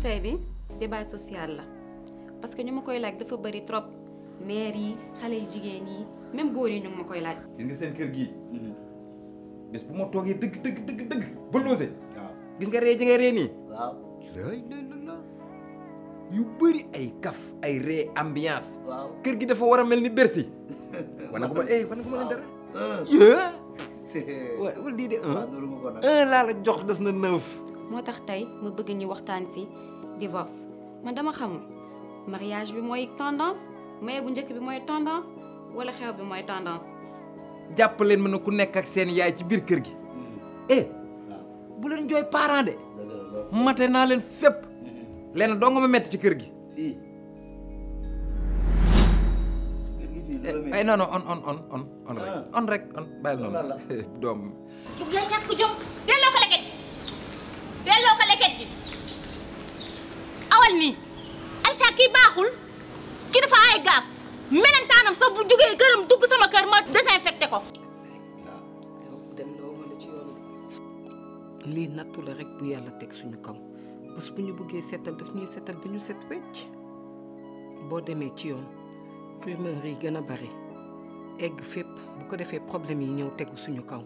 tey bi débat social la parce que ñu ma koy laaj dafa bëri trop maire xale yu jigéen yi même góor yi ñu koy laaj. gis nga seen kër gii. Mhm. bés toogee dëgg dëgg dëgg dëgg ba gis nga ree ji yu bëri ay kaf ay ree ambiance. kër gi dafa war a mel ni Bercy. wana ko ma eh wana dara. un. Eh? waa wala de un. un jox des na neuf. moo tax tey ma bëgg ñu waxtaan si divorce man dama xamul mariage bi mooy tendance maye bu njëkk bi mooy tendance walla xew bi mooy tendance. jàpp leen ma ne ku nekk ak seen yaay ci biir kër gi. Mm-hmm. eh bu leen jooy parents de. mate naa leen fépp. Mm-hmm. leen doo nga metti ci kër gi. fii. Eh, ay non non on on on on rek ah. on rek on bàyyi noonu doom. yow yaa ñàkk jom nii Aïcha kii baaxul kii dafa ay gaaf melentaanam sax bu jógee këram dugg sama kër ma désinfecté ko. lii nattu la rek bu yàlla teg suñu kaw bés bu ñu bëggee seetal daf ñuy seetal ba ñu set wecc boo demee ci yoon rumeur yi gën a bare egg fépp bu ko defee problème yi ñëw tegu suñu kaw.